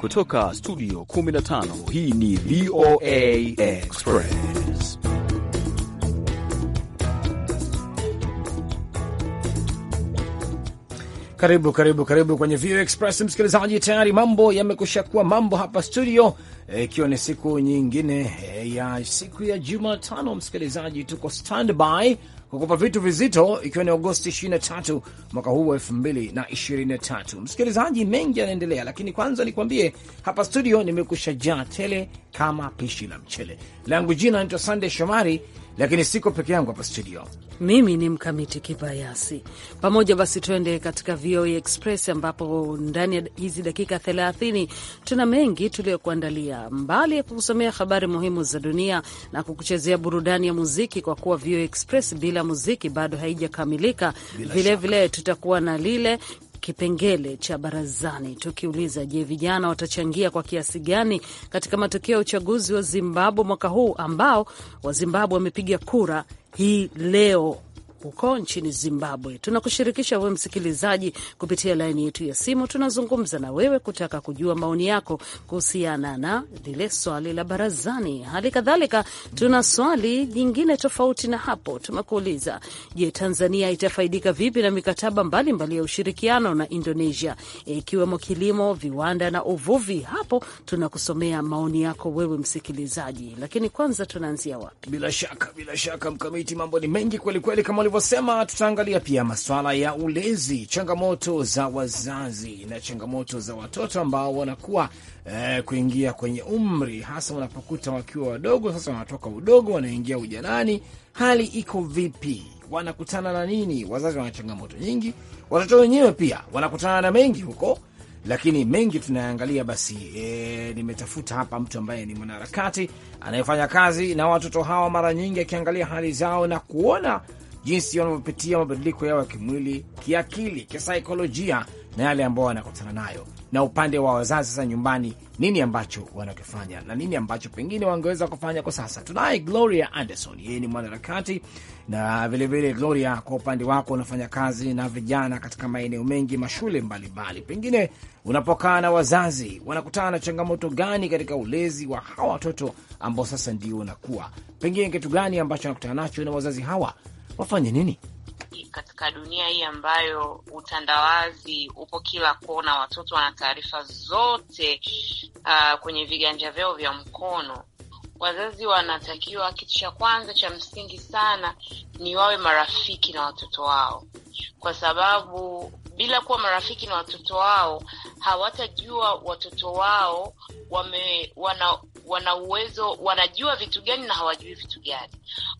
Kutoka studio 15 hii ni VOA Express. Karibu karibu karibu kwenye VOA Express msikilizaji, tayari mambo yamekusha kuwa mambo hapa studio, eh, ikiwa e, ni siku nyingine e, ya siku ya Jumatano msikilizaji, tuko standby kukupa vitu vizito, ikiwa ni Agosti 23 mwaka huu wa 2023. Msikilizaji, mengi yanaendelea, lakini kwanza nikuambie hapa studio nimekusha jaa tele kama pishi la mchele langu. Jina naitwa Sandey Shomari lakini siko peke yangu hapa studio, mimi ni Mkamiti Kibayasi. Pamoja basi, tuende katika VOA e Express ambapo ndani ya hizi dakika 30 tuna mengi tuliyokuandalia, mbali ya kukusomea habari muhimu za dunia na kukuchezea burudani ya muziki, kwa kuwa VOA e Express bila muziki bado haijakamilika. Vilevile tutakuwa na lile kipengele cha barazani tukiuliza, je, vijana watachangia kwa kiasi gani katika matokeo ya uchaguzi wa Zimbabwe mwaka huu ambao Wazimbabwe wamepiga kura hii leo huko nchini Zimbabwe. Tunakushirikisha wewe msikilizaji kupitia laini yetu ya simu, tunazungumza na wewe kutaka kujua maoni yako kuhusiana na lile swali la barazani. Hali kadhalika tuna swali jingine tofauti na hapo, tumekuuliza je, Tanzania itafaidika vipi na mikataba mbalimbali mbali ya ushirikiano na Indonesia ikiwemo kilimo, viwanda na uvuvi? Hapo tunakusomea maoni yako wewe msikilizaji, lakini kwanza tunaanzia wapi? Bila shaka, bila shaka Mkamiti, mambo ni mengi kwelikweli kama ulivyosema, tutaangalia pia masuala ya ulezi, changamoto za wazazi na changamoto za watoto ambao wanakuwa eh, kuingia kwenye umri, hasa wanapokuta wakiwa wadogo. Sasa wanatoka udogo wanaingia ujanani, hali iko vipi? Wanakutana na nini? Wazazi wana changamoto nyingi, watoto wenyewe pia wanakutana na mengi huko lakini mengi tunayangalia. Basi e, nimetafuta hapa mtu ambaye ni mwanaharakati anayefanya kazi na watoto hawa mara nyingi, akiangalia hali zao na kuona jinsi wanavyopitia mabadiliko yao ya kimwili, kiakili, kisaikolojia na yale ambao wanakutana nayo, na upande wa wazazi sasa nyumbani, nini ambacho wanakifanya na nini ambacho pengine wangeweza kufanya kwa sasa. Tunaye Gloria Anderson, yeye ni mwanaharakati na vilevile vile. Gloria, kwa upande wako unafanya kazi na vijana katika maeneo mengi, mashule mbalimbali, pengine unapokaa na wazazi, wanakutana na changamoto gani katika ulezi wa hawa watoto ambao sasa ndio unakuwa, pengine kitu gani ambacho wanakutana nacho na wazazi hawa wafanye nini katika dunia hii ambayo utandawazi upo kila kona, watoto wana taarifa zote uh, kwenye viganja vyao vya mkono. Wazazi wanatakiwa, kitu cha kwanza cha msingi sana ni wawe marafiki na watoto wao, kwa sababu bila kuwa marafiki na watoto wao, hawatajua watoto wao wame, wana wana uwezo, wanajua vitu gani na hawajui vitu gani,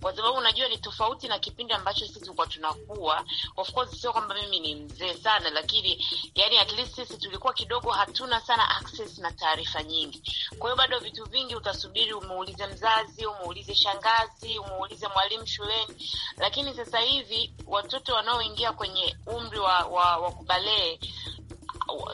kwa sababu unajua ni tofauti na kipindi ambacho sisi tulikuwa tunakuwa. Of course sio kwamba mimi ni mzee sana, lakini yani at least sisi tulikuwa kidogo hatuna sana access na taarifa nyingi. Kwa hiyo bado vitu vingi utasubiri umuulize mzazi, umuulize shangazi, umuulize mwalimu shuleni, lakini sasa hivi watoto wanaoingia kwenye umri wa, wa, wa wakubalee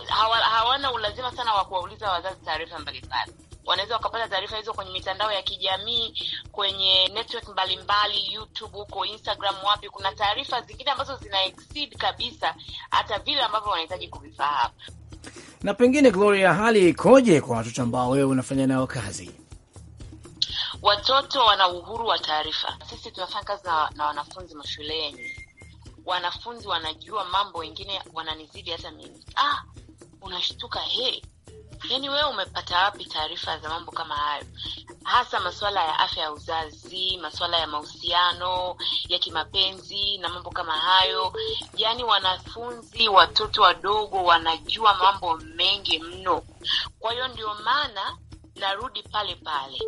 hawa, hawana ulazima sana wa kuwauliza wazazi taarifa mbalimbali wanaweza wakapata taarifa hizo kwenye mitandao ya kijamii, kwenye network mbalimbali, YouTube huko, Instagram, wapi. Kuna taarifa zingine ambazo zina exceed kabisa hata vile ambavyo wanahitaji kuvifahamu. Na pengine, Gloria, hali ikoje kwa watoto ambao wewe unafanya nao kazi? Watoto wana uhuru wa taarifa. Sisi tunafanya kazi na, na wanafunzi mashuleni wanafunzi wanajua mambo, wengine wananizidi hata mimi. Ah, unashtuka he, yani wewe umepata wapi taarifa za mambo kama hayo, hasa masuala ya afya ya uzazi, masuala ya mahusiano ya kimapenzi na mambo kama hayo. yani wanafunzi, watoto wadogo wanajua mambo mengi mno, kwa hiyo ndio maana narudi pale pale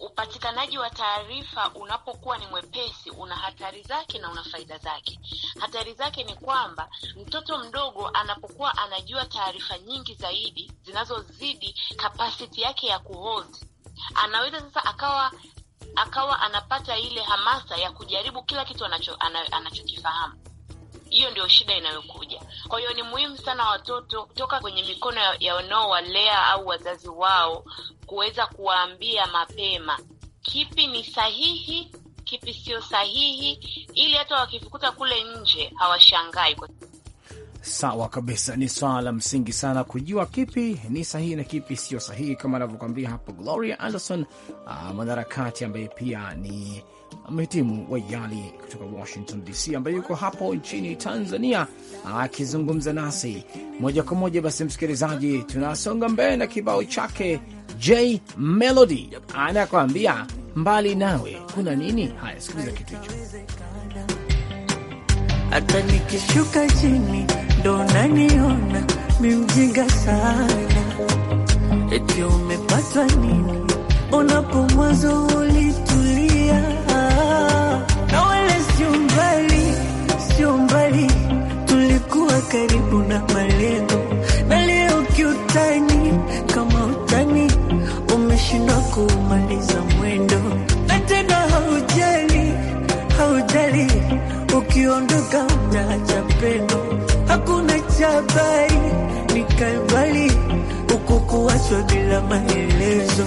upatikanaji wa taarifa unapokuwa ni mwepesi, una hatari zake na una faida zake. Hatari zake ni kwamba mtoto mdogo anapokuwa anajua taarifa nyingi zaidi zinazozidi kapasiti yake ya kuhold, anaweza sasa akawa akawa anapata ile hamasa ya kujaribu kila kitu anacho, anachokifahamu hiyo ndio shida inayokuja. Kwa hiyo ni muhimu sana watoto kutoka kwenye mikono ya wanaowalea au wazazi wao kuweza kuwaambia mapema kipi ni sahihi, kipi sio sahihi, ili hata wakivikuta kule nje hawashangai. Sawa kabisa, ni swala la msingi sana kujua kipi ni sahihi na kipi sio sahihi, kama anavyokwambia hapo Gloria Anderson, ah, mwanaharakati ambaye pia ni mhitimu wa YALI kutoka Washington DC, ambaye yuko hapo nchini Tanzania akizungumza nasi moja kwa moja. Basi msikilizaji, tunasonga mbele na kibao chake J Melody anakwambia mbali nawe kuna nini? Haya, sikiliza kitu hicho. Hata nikishuka chini ndo naniona mimjinga sana, eti umepatwa nini unapo mwanzo kumaliza mwendo, na tena haujali, haujali ukiondoka, unaacha pendo, hakuna chabari nikabali ukukuachwa bila maelezo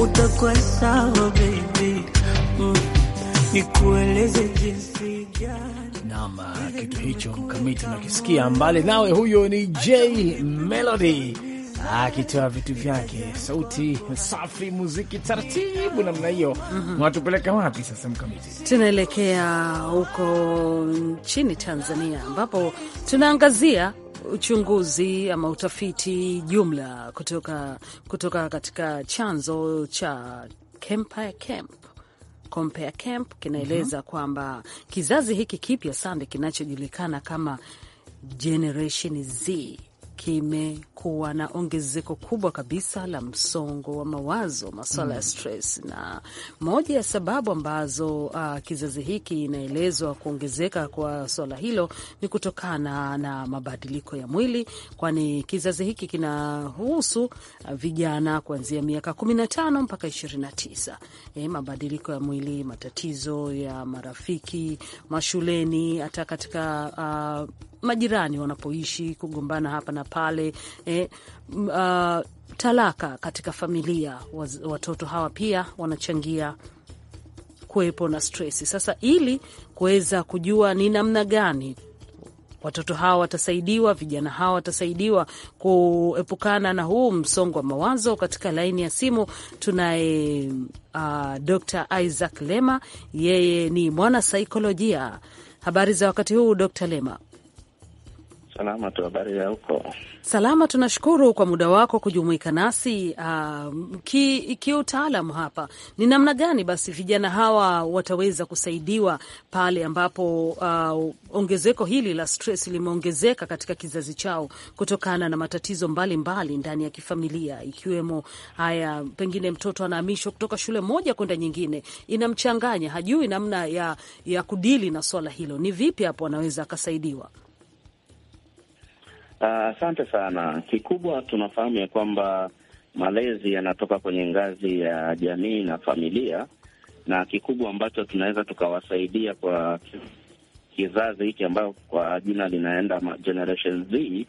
utakuwa sawa baby, mm. nikueleze jinsi gani. Naam, ah, kitu hicho kamiti nakisikia mbali nawe. Huyo ni J Melody akitoa vitu vyake, sauti safi, muziki taratibu namna hiyo. mm -hmm. Watupeleka wapi sasa, Mkamiti? Tunaelekea huko nchini Tanzania ambapo tunaangazia uchunguzi ama utafiti jumla kutoka, kutoka katika chanzo cha Compare Camp. Compare Camp kinaeleza mm -hmm. kwamba kizazi hiki kipya sande kinachojulikana kama Generation Z kimekuwa na ongezeko kubwa kabisa la msongo wa mawazo, maswala ya mm. stress, na moja ya sababu ambazo uh, kizazi hiki inaelezwa kuongezeka kwa swala hilo ni kutokana na mabadiliko ya mwili, kwani kizazi hiki kinahusu uh, vijana kuanzia miaka kumi na tano mpaka ishirini na tisa. E, mabadiliko ya mwili, matatizo ya marafiki mashuleni, hata katika uh, majirani wanapoishi, kugombana hapa na pale eh, uh, talaka katika familia, watoto hawa pia wanachangia kuwepo na stresi. Sasa ili kuweza kujua ni namna gani watoto hawa watasaidiwa, vijana hawa watasaidiwa kuepukana na huu msongo wa mawazo. Katika laini ya simu tunaye uh, ah, Dr. Isaac Lema, yeye ni mwana saikolojia. Habari za wakati huu Dr. Lema? Salama tu, habari ya huko? Salama, tunashukuru kwa muda wako kujumuika nasi. Uh, ki kiutaalam hapa ni namna gani basi vijana hawa wataweza kusaidiwa pale ambapo uh, ongezeko hili la stress limeongezeka katika kizazi chao kutokana na matatizo mbalimbali mbali ndani ya kifamilia, ikiwemo haya, pengine mtoto anahamishwa kutoka shule moja kwenda nyingine, inamchanganya, hajui namna ya, ya kudili na swala hilo. Ni vipi hapo anaweza akasaidiwa? Ah, asante uh, sana. Kikubwa tunafahamu ya kwamba malezi yanatoka kwenye ngazi ya jamii na familia, na kikubwa ambacho tunaweza tukawasaidia kwa kizazi hiki ambayo kwa jina linaenda Generation Z,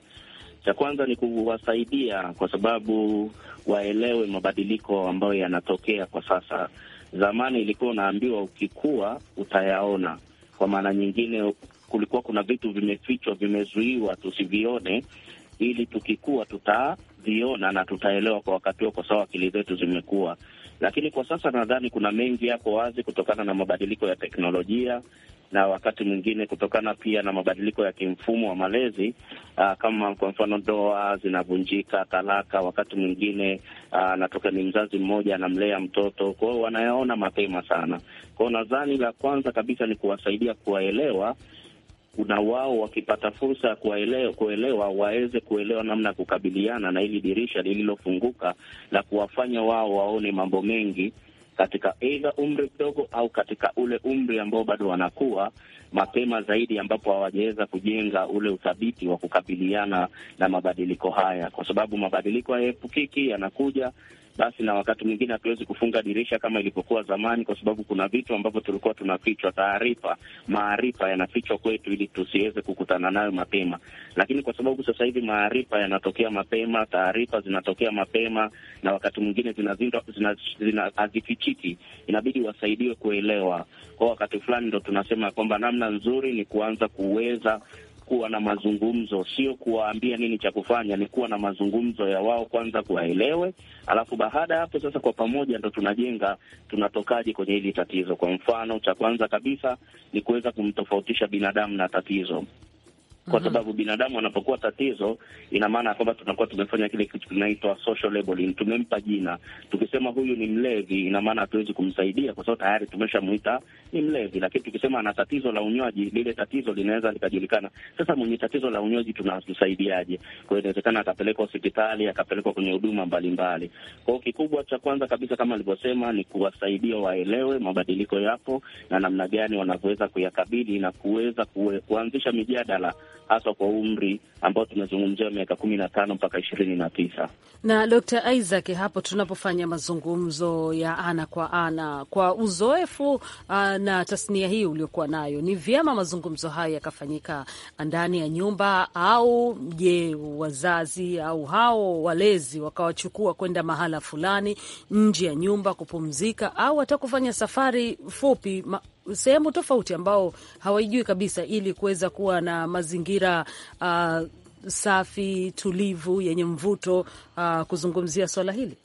cha kwanza ni kuwasaidia kwa sababu waelewe mabadiliko ambayo yanatokea kwa sasa. Zamani ilikuwa unaambiwa ukikua utayaona, kwa maana nyingine kulikuwa kuna vitu vimefichwa, vimezuiwa tusivione, ili tukikua tutaviona na tutaelewa kwa wakati huo, kwa sababu akili zetu zimekuwa. Lakini kwa sasa nadhani kuna mengi yako wazi kutokana na mabadiliko ya teknolojia na wakati mwingine kutokana pia na mabadiliko ya kimfumo wa malezi aa, ah, kama kwa mfano ndoa zinavunjika, talaka, wakati mwingine anatoka ah, ni mzazi mmoja anamlea mtoto, kwa hiyo wanayaona mapema sana. Kwa hiyo nadhani la kwanza kabisa ni kuwasaidia kuwaelewa kuna wao wakipata fursa ya kuelewa, kuelewa waweze kuelewa namna ya kukabiliana na hili dirisha lililofunguka la kuwafanya wao waone mambo mengi katika aidha umri mdogo au katika ule umri ambao bado wanakuwa mapema zaidi, ambapo hawajaweza kujenga ule uthabiti wa kukabiliana na mabadiliko haya, kwa sababu mabadiliko hayaepukiki, yanakuja basi na wakati mwingine hatuwezi kufunga dirisha kama ilivyokuwa zamani, kwa sababu kuna vitu ambavyo tulikuwa tunafichwa, taarifa, maarifa yanafichwa kwetu ili tusiweze kukutana nayo mapema. Lakini kwa sababu sasa hivi maarifa yanatokea mapema, taarifa zinatokea mapema, na wakati mwingine hazifichiki, inabidi wasaidiwe kuelewa. kwao. wakati fulani ndo tunasema kwamba namna namna nzuri ni kuanza kuweza kuwa na mazungumzo, sio kuwaambia nini cha kufanya, ni kuwa na mazungumzo ya wao kwanza kuwaelewe, alafu baada ya hapo sasa, kwa pamoja ndo tunajenga tunatokaje kwenye hili tatizo. Kwa mfano, cha kwanza kabisa ni kuweza kumtofautisha binadamu na tatizo kwa mhm. sababu binadamu anapokuwa tatizo, ina maana ya kwamba tunakuwa tumefanya kile kitu kinaitwa social labeling, tumempa jina. Tukisema huyu ni mlevi, ina maana hatuwezi kumsaidia kwa sababu tayari tumeshamuita ni mlevi, lakini tukisema ana tatizo la unywaji, lile tatizo linaweza likajulikana. Sasa mwenye tatizo la unywaji tunamsaidiaje? Kwa hiyo inawezekana akapelekwa hospitali, akapelekwa kwenye huduma mbalimbali. Kwa hiyo kikubwa cha kwanza kabisa, kama alivyosema, ni kuwasaidia waelewe mabadiliko yapo na namna gani wanavyoweza kuyakabili na kuweza kuanzisha mijadala haswa kwa umri ambao tunazungumzia miaka kumi na tano mpaka ishirini na tisa. Na Dr. Isaac, hapo tunapofanya mazungumzo ya ana kwa ana, kwa uzoefu uh, na tasnia hii uliokuwa nayo, ni vyema mazungumzo haya yakafanyika ndani ya nyumba au je, wazazi au hao walezi wakawachukua kwenda mahala fulani nje ya nyumba kupumzika, au hata kufanya safari fupi sehemu tofauti ambao hawaijui kabisa, ili kuweza kuwa na mazingira uh, safi tulivu, yenye mvuto uh, kuzungumzia swala hili?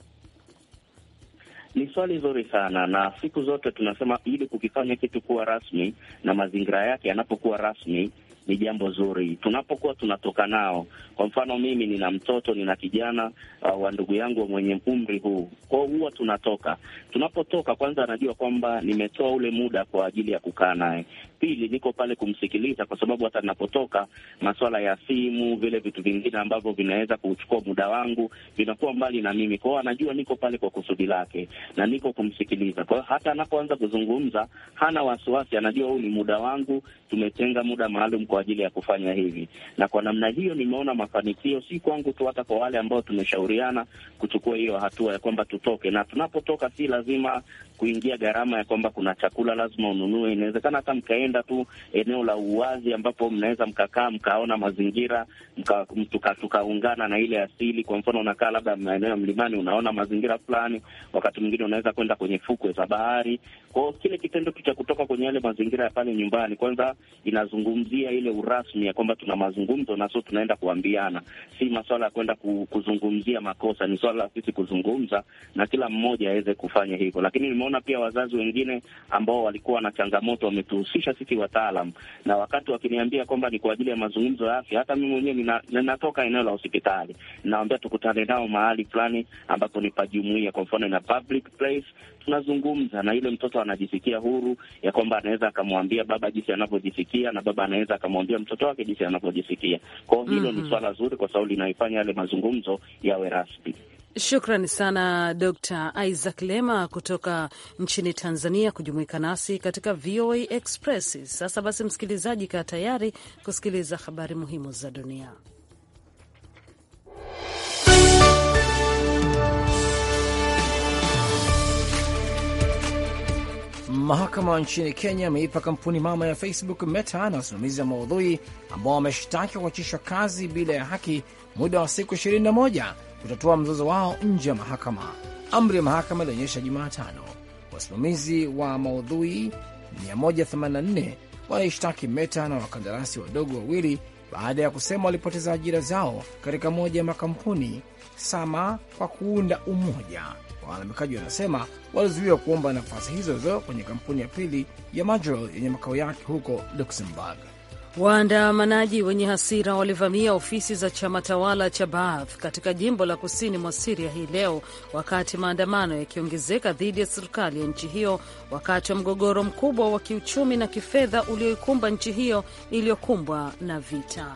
Ni swali zuri sana na siku zote tunasema ili kukifanya kitu kuwa rasmi na mazingira yake yanapokuwa rasmi ni jambo zuri tunapokuwa tunatoka nao. Kwa mfano mimi nina mtoto, nina kijana uh, wa ndugu yangu mwenye umri huu, kwao huwa tunatoka. Tunapotoka kwanza, anajua kwamba nimetoa ule muda kwa ajili ya kukaa naye. Pili, niko pale kumsikiliza, kwa sababu hata ninapotoka, masuala ya simu, vile vitu vingine ambavyo vinaweza kuchukua muda wangu vinakuwa mbali na mimi. Kwao anajua niko pale kwa kusudi lake na niko kumsikiliza. Kwa hiyo hata anapoanza kuzungumza, hana wasiwasi, anajua huu ni muda wangu, tumetenga muda maalum kwa kwa ajili ya kufanya hivi, na kwa namna hiyo nimeona mafanikio, si kwangu tu, hata kwa wale ambao tumeshauriana kuchukua hiyo hatua ya kwamba tutoke, na tunapotoka si lazima kuingia gharama ya kwamba kuna chakula lazima ununue. Inawezekana hata mkaenda tu eneo la uwazi ambapo mnaweza mkakaa mkaona mazingira mka, tukaungana na ile asili. Kwa mfano unakaa labda maeneo ya mlimani, unaona mazingira fulani, wakati mwingine unaweza kwenda kwenye fukwe za bahari. Kwao kile kitendo tu cha kutoka kwenye yale mazingira ya pale nyumbani, kwanza inazungumzia ile ile urasmi ya kwamba tuna mazungumzo na sio tunaenda kuambiana, si masuala ya kwenda kuzungumzia makosa, ni swala la sisi kuzungumza na kila mmoja aweze kufanya hivyo. Lakini nimeona pia wazazi wengine ambao walikuwa na changamoto wametuhusisha sisi wataalam, na wakati wakiniambia kwamba ni kwa ajili ya mazungumzo ya afya, hata mimi mwenyewe nina, ninatoka eneo la hospitali, nawambia tukutane nao mahali fulani ambapo ni pajumuia, kwa mfano na public place tunazungumza na yule mtoto anajisikia huru ya kwamba anaweza akamwambia baba jinsi anavyojisikia na baba anaweza akamwambia mtoto wake jinsi anavyojisikia. Kwa hiyo hilo mm -hmm. ni mhm. swala zuri, kwa sababu linaifanya yale mazungumzo yawe rasmi. Shukrani sana Dr Isaac Lema kutoka nchini Tanzania kujumuika nasi katika VOA Express. Sasa basi, msikilizaji, kaa tayari kusikiliza habari muhimu za dunia. Mahakama nchini Kenya ameipa kampuni mama ya Facebook Meta na wasimamizi wa maudhui ambao wameshtaki kuachishwa kazi bila ya haki muda wa siku 21 kutatua mzozo wao nje ya mahakama. Amri ya mahakama ilionyesha Jumatano wasimamizi wa maudhui 184 wanaishtaki Meta na wakandarasi wadogo wawili baada ya kusema walipoteza ajira zao katika moja ya makampuni Sama kwa kuunda umoja. Walalamikaji wanasema walizuiwa kuomba nafasi hizo zo kwenye kampuni ya pili ya Majorel yenye makao yake huko Luxembourg. Waandamanaji wenye hasira walivamia ofisi za chama tawala cha Baath katika jimbo la kusini mwa Siria hii leo, wakati maandamano yakiongezeka dhidi ya serikali ya nchi hiyo wakati wa mgogoro mkubwa wa kiuchumi na kifedha ulioikumba nchi hiyo iliyokumbwa na vita.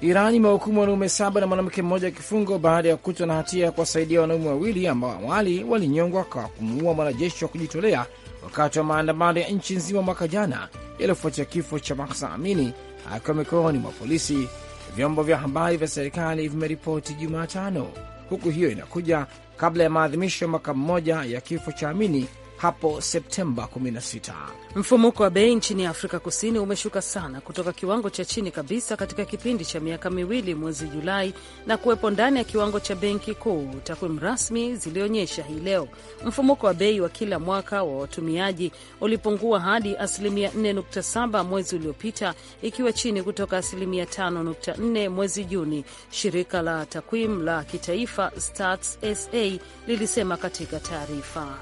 Iran imehukumu wanaume saba na mwanamke mmoja kifungo baada ya kukutwa na hatia ya kuwasaidia wanaume wawili ambao awali walinyongwa kwa kumuua mwanajeshi wa kujitolea wakati wa maandamano ya nchi nzima mwaka jana yaliyofuatia kifo cha Mahsa Amini akiwa mikononi mwa polisi, vyombo vya habari vya serikali vimeripoti Jumatano, huku hiyo inakuja kabla ya maadhimisho ya mwaka mmoja ya kifo cha Amini hapo Septemba 16. Mfumuko wa bei nchini Afrika Kusini umeshuka sana kutoka kiwango cha chini kabisa katika kipindi cha miaka miwili mwezi Julai na kuwepo ndani ya kiwango cha benki kuu, takwimu rasmi zilionyesha hii leo. Mfumuko wa bei wa kila mwaka wa watumiaji ulipungua hadi asilimia 4.7 mwezi uliopita, ikiwa chini kutoka asilimia 5.4 mwezi Juni, shirika la takwimu la kitaifa Stats SA lilisema katika taarifa.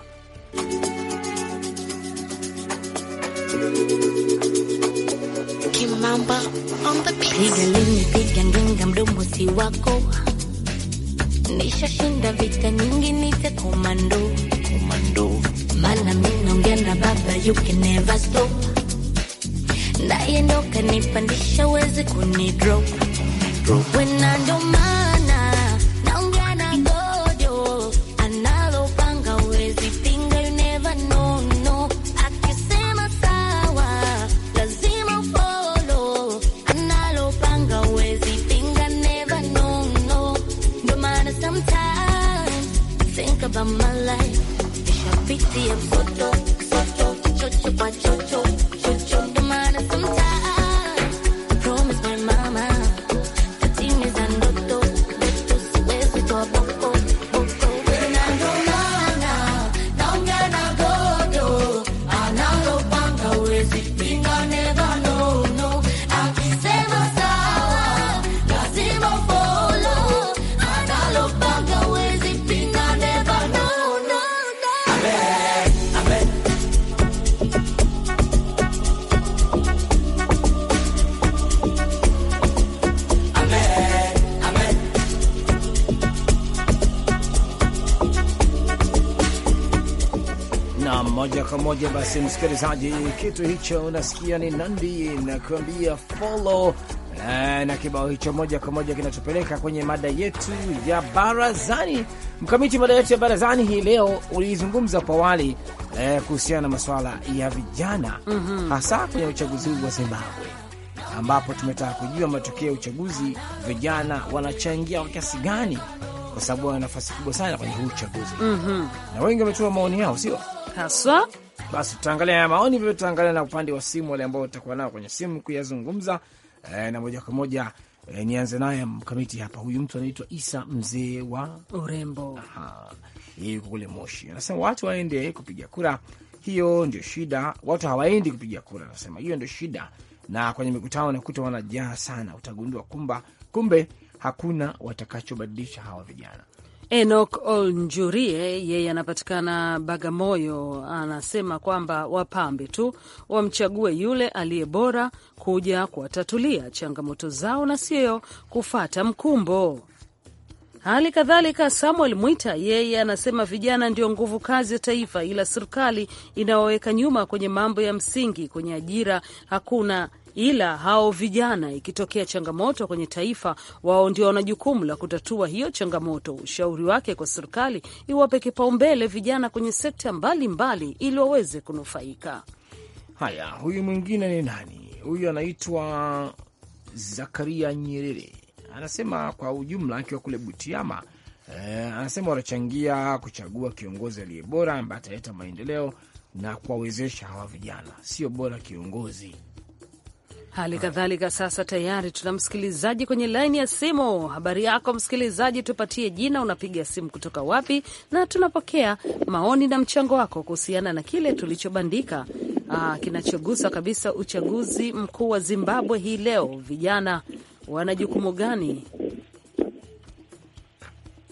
Kimamba on the beat. Piga lini, piga nganga, mdomo si wako. Nishashinda vita nyingi, nite komando. Komando. mana mimi na baba, you can never stop. Naye ndo kanipandisha, wezi kunidrop. Drop. When I don't mind. moja basi, msikilizaji, kitu hicho unasikia ni Nandi nakuambia follow na, eh, na kibao hicho moja kwa moja kinachopeleka kwenye mada yetu ya barazani. Mkamiti, mada yetu ya barazani hii leo ulizungumza kwa wali eh, kuhusiana na masuala ya vijana mm -hmm. hasa kwenye uchaguzi huu wa Zimbabwe ambapo tumetaka kujua matokeo ya uchaguzi, vijana wanachangia kwa kiasi gani, kwa sababu wana nafasi kubwa sana kwenye huu uchaguzi mm -hmm. na wengi wametuma maoni yao, sio haswa basi tutaangalia haya maoni vile, tutaangalia na upande wa simu wale ambao utakuwa nao kwenye simu kuyazungumza. E, na moja kwa moja e, nianze naye mkamiti hapa. Huyu mtu anaitwa Isa mzee wa urembo, yuko kule Moshi, anasema watu waende kupiga kura, hiyo ndio shida. Watu hawaendi kupiga kura, anasema hiyo ndio shida, na kwenye mikutano nakuta wanajaa sana, utagundua kumba kumbe hakuna watakachobadilisha hawa vijana. Enoch Olnjurie yeye anapatikana Bagamoyo, anasema kwamba wapambe tu wamchague yule aliye bora kuja kuwatatulia changamoto zao na siyo kufata mkumbo. Hali kadhalika Samuel Mwita yeye anasema vijana ndio nguvu kazi ya taifa, ila serikali inawaweka nyuma kwenye mambo ya msingi, kwenye ajira hakuna ila hao vijana, ikitokea changamoto kwenye taifa, wao ndio wana jukumu la kutatua hiyo changamoto. Ushauri wake kwa serikali iwape kipaumbele vijana kwenye sekta mbalimbali ili waweze kunufaika. Haya, huyu mwingine ni nani? Huyu anaitwa Zakaria Nyerere, anasema kwa ujumla, akiwa kule Butiama. Eh, anasema wanachangia kuchagua kiongozi aliye bora ambaye ataleta maendeleo na kuwawezesha hawa vijana. Sio bora kiongozi Hali kadhalika sasa tayari tuna msikilizaji kwenye laini ya simu. Habari yako msikilizaji, tupatie jina, unapiga simu kutoka wapi, na tunapokea maoni na mchango wako kuhusiana na kile tulichobandika ah, kinachogusa kabisa uchaguzi mkuu wa Zimbabwe hii leo. Vijana wana jukumu gani?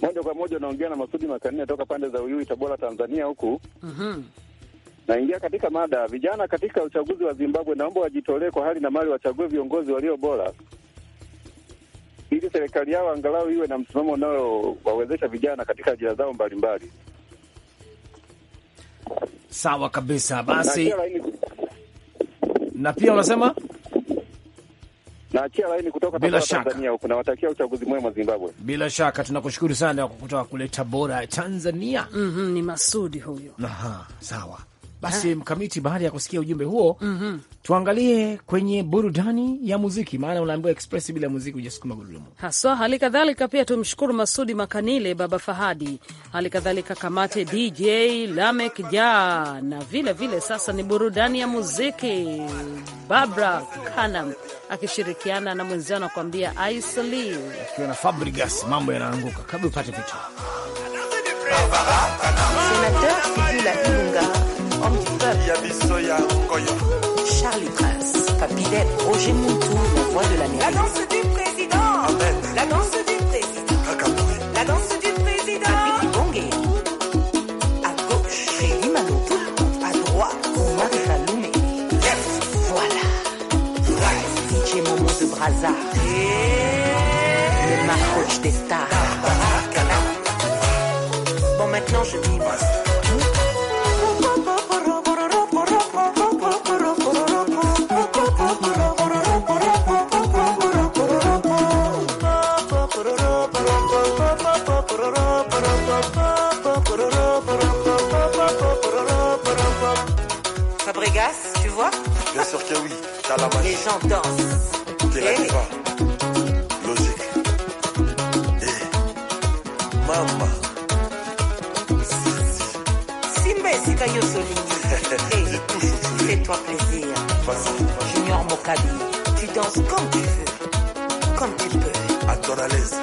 Moja kwa moja unaongea na Masudi makanne toka pande za Uyui, Tabora, Tanzania huku. mm -hmm. Naingia katika mada vijana katika uchaguzi wa Zimbabwe, naomba wajitolee kwa hali na mali, wachague viongozi walio bora ili serikali yao angalau iwe na msimamo unaowawezesha vijana katika ajira zao mbalimbali. Sawa kabisa. Basi na pia unasema naachia laini kutoka bila shaka. Tanzania huku nawatakia uchaguzi mwema Zimbabwe. Bila shaka tunakushukuru sana kwa kutoka kule Tabora, Tanzania. Mm -hmm, ni Masudi huyo. Aha, sawa basi ah. mkamiti, baada ya kusikia ujumbe huo mm -hmm. tuangalie kwenye burudani ya muziki, maana unaambiwa express bila muziki hujasukuma gurudumu haswa. Hali kadhalika pia tumshukuru Masudi Makanile, Baba Fahadi, hali kadhalika Kamate, DJ Lamek Ja, na vile vile sasa ni burudani ya muziki, Babra Kanam akishirikiana na mwenzio anakuambia Aisli akiwa na Fabrigas, mambo yanaanguka kabla upate vitu C'était au génie, tout, la voix de l'Amérique. On danse. T'es la diva. Logique. maman si mais c'est nyonso olingi. Fais-toi plaisir. Junior Mokabi, tu danses comme tu veux. Comme tu peux. À ton à l'aise.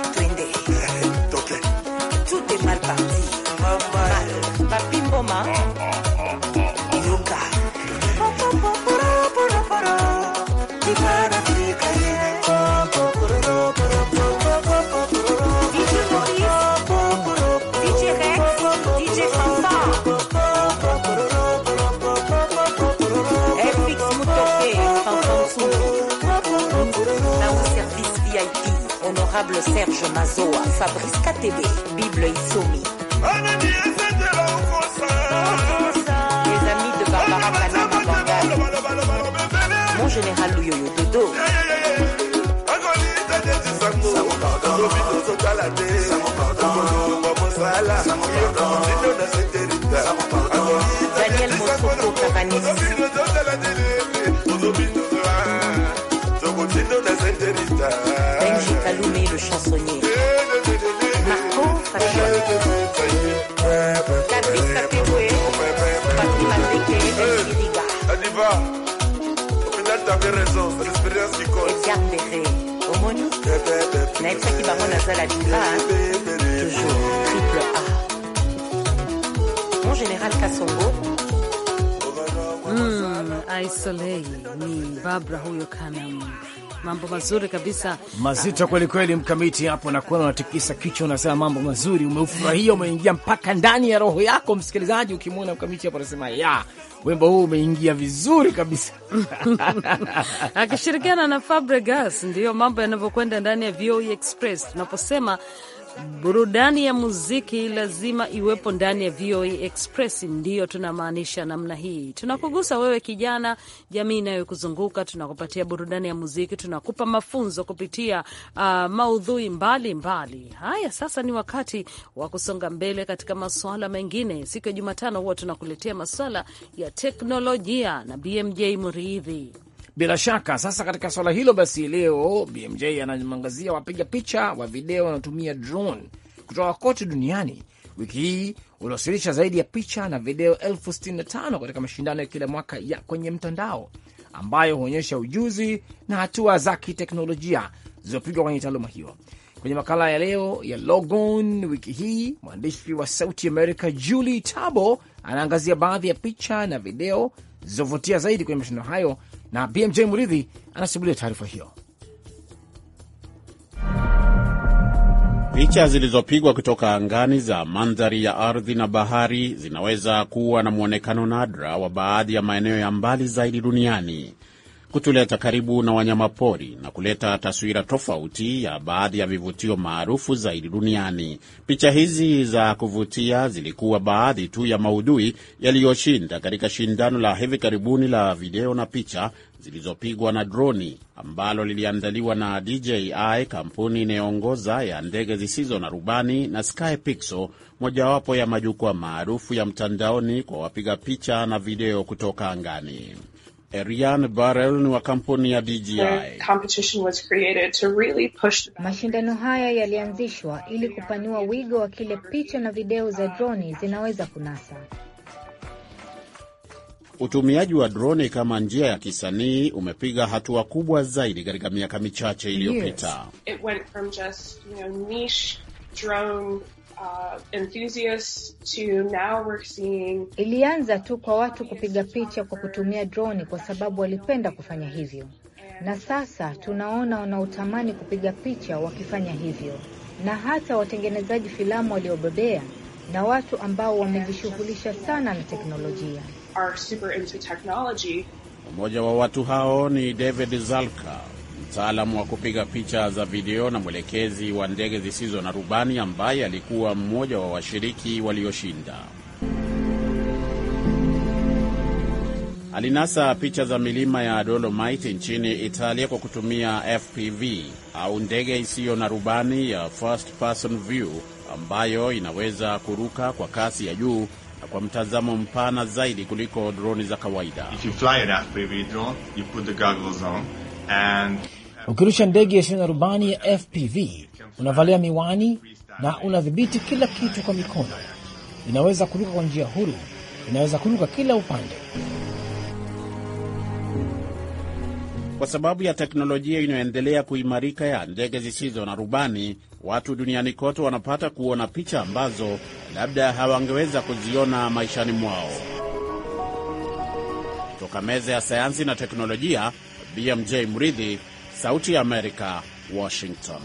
l'honorable Serge Mazoa, Fabrice KTB, Bible Issomi. Les amis de Barbara Panama Bangal. Mon général Louyoyo Dodo. Daniel Mosoko Cavanis. qui nayebisaki bango nazala diva toujours triple a mon général kasongo Hmm, soleil, ni babra ou kanam Mambo mazuri kabisa, mazito kweli kweli. Mkamiti hapo nakuona unatikisa kichwa, unasema mambo mazuri, umeufurahia, umeingia mpaka ndani ya roho yako. Msikilizaji, ukimwona Mkamiti hapo anasema ya wimbo huu umeingia vizuri kabisa akishirikiana na Fabregas. Ndiyo mambo yanavyokwenda ndani ya VOA e Express tunaposema Burudani ya muziki lazima iwepo ndani ya VOA e Express, ndiyo tunamaanisha namna hii. Tunakugusa wewe kijana, jamii inayokuzunguka, tunakupatia burudani ya muziki, tunakupa mafunzo kupitia uh, maudhui mbalimbali mbali. Haya, sasa ni wakati wa kusonga mbele katika masuala mengine. Siku ya Jumatano huwa tunakuletea masuala ya teknolojia na BMJ Muridhi. Bila shaka sasa, katika swala hilo basi, leo BMJ anamangazia wapiga picha wa video wanaotumia drone kutoka kote duniani. Wiki hii uliwasilisha zaidi ya picha na video elfu sitini na tano katika mashindano ya kila mwaka ya kwenye mtandao ambayo huonyesha ujuzi na hatua za kiteknolojia zilizopigwa kwenye taaluma hiyo. Kwenye makala ya leo ya Logon wiki hii, mwandishi wa Sauti America Julie Tabo anaangazia baadhi ya picha na video zilizovutia zaidi kwenye mashindano hayo na BMJ Muridhi anasimulia taarifa hiyo. Picha zilizopigwa kutoka angani za mandhari ya ardhi na bahari zinaweza kuwa na mwonekano nadra wa baadhi ya maeneo ya mbali zaidi duniani kutuleta karibu na wanyamapori na kuleta taswira tofauti ya baadhi ya vivutio maarufu zaidi duniani. Picha hizi za kuvutia zilikuwa baadhi tu ya maudhui yaliyoshinda katika shindano la hivi karibuni la video na picha zilizopigwa na droni ambalo liliandaliwa na DJI, kampuni inayoongoza ya ndege zisizo na rubani, na Sky mojawapo ya majukwaa maarufu ya mtandaoni kwa wapiga picha na video kutoka angani. Erian Barel ni wa kampuni ya DJI. Really mashindano haya yalianzishwa ili kupanua wigo wa kile picha na video za droni zinaweza kunasa. Utumiaji wa droni kama njia ya kisanii umepiga hatua kubwa zaidi katika miaka michache iliyopita. Yes uh, Ilianza tu kwa watu kupiga picha kwa kutumia droni kwa sababu walipenda kufanya hivyo, na sasa tunaona wanaotamani kupiga picha wakifanya hivyo, na hata watengenezaji filamu waliobobea na watu ambao wamejishughulisha sana na teknolojia. Mmoja wa watu hao ni David Zalka, mtaalamu wa kupiga picha za video na mwelekezi wa ndege zisizo na rubani ambaye alikuwa mmoja wa washiriki walioshinda. Alinasa picha za milima ya Dolomite nchini Italia kwa kutumia FPV au ndege isiyo na rubani ya first person view ambayo inaweza kuruka kwa kasi ya juu na kwa mtazamo mpana zaidi kuliko droni za kawaida. If you fly an FPV drone, you put the goggles on and Ukirusha ndege isiyo na rubani ya FPV unavalia miwani na unadhibiti kila kitu kwa mikono. Inaweza kuruka kwa njia huru, inaweza kuruka kila upande. Kwa sababu ya teknolojia inayoendelea kuimarika ya ndege zisizo na rubani, watu duniani kote wanapata kuona picha ambazo labda hawangeweza kuziona maishani mwao. Toka meza ya sayansi na teknolojia, BMJ Mridhi Sauti ya Amerika, Washington.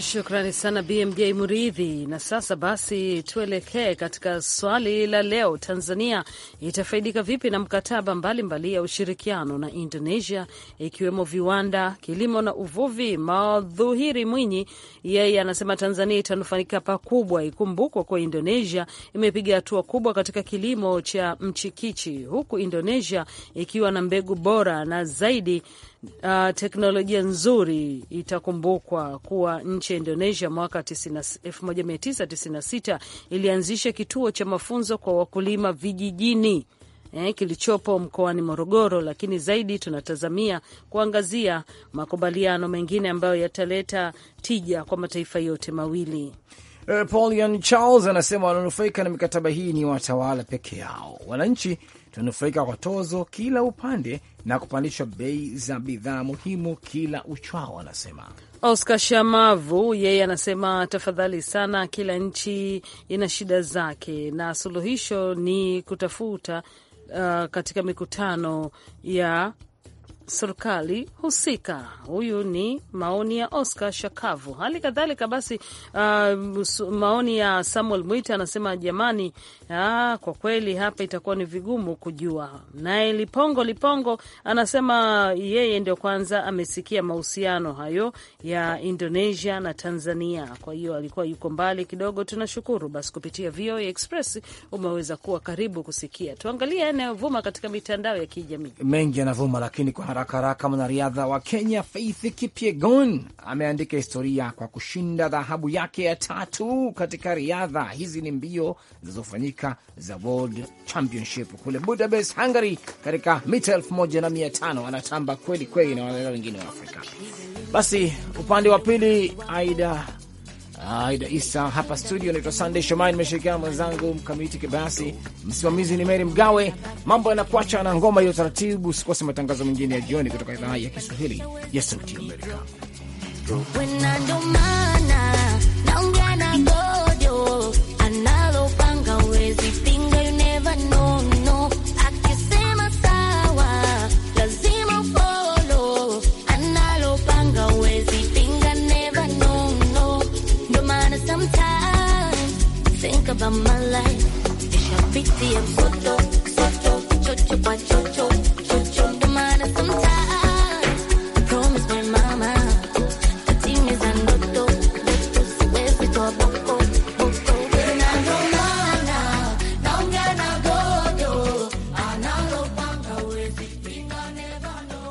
Shukrani sana BMJ Muridhi. Na sasa basi, tuelekee katika swali la leo. Tanzania itafaidika vipi na mkataba mbalimbali mbali ya ushirikiano na Indonesia, ikiwemo viwanda, kilimo na uvuvi? Madhuhiri Mwinyi yeye anasema Tanzania itanufaika pakubwa. Ikumbukwa kwa Indonesia imepiga hatua kubwa katika kilimo cha mchikichi, huku Indonesia ikiwa na mbegu bora na zaidi uh, teknolojia nzuri itakumbukwa kuwa nchi ya Indonesia mwaka 1996 ilianzisha kituo cha mafunzo kwa wakulima vijijini eh, kilichopo mkoani Morogoro, lakini zaidi tunatazamia kuangazia makubaliano mengine ambayo yataleta tija kwa mataifa yote mawili. Eh, Paulian Charles anasema wananufaika na mikataba hii ni watawala peke yao. Wananchi tunanufaika kwa tozo kila upande na kupandishwa bei za bidhaa muhimu kila uchwao, anasema Oscar Shamavu. Yeye anasema tafadhali sana, kila nchi ina shida zake na suluhisho ni kutafuta Uh, katika mikutano ya serikali husika. Huyu ni maoni ya Oscar Shakavu. Hali kadhalika basi, uh, maoni ya Samuel Mwita anasema jamani, ah, kwa kweli hapa itakuwa ni vigumu kujua. Naye Lipongo Lipongo anasema yeye ndio kwanza amesikia mahusiano hayo ya Indonesia na Tanzania, kwa hiyo alikuwa yuko mbali kidogo. Tunashukuru basi kupitia VOA Express umeweza kuwa karibu kusikia. Tuangalie anayovuma katika mitandao ya kijamii, mengi yanavuma, lakini kwa haraka haraka, mwanariadha wa Kenya Faith Kipyegon ameandika historia kwa kushinda dhahabu yake ya tatu katika riadha. Hizi ni mbio zilizofanyika za World Championship kule Budapest, Hungary, katika mita elfu moja na mia tano. Anatamba kweli kweli na wanariadha wengine wa Afrika. Basi upande wa pili, Aida Aida Isa hapa studio. Naitwa Sunday Shomai, nimeshirikiana mwenzangu Mkamiti Kibasi, msimamizi ni Meri Mgawe. Mambo yanakuacha na ngoma hiyo taratibu. Sikose matangazo mengine ya jioni kutoka idhaa ya Kiswahili ya Sauti Amerika. of my life. it's a big the end for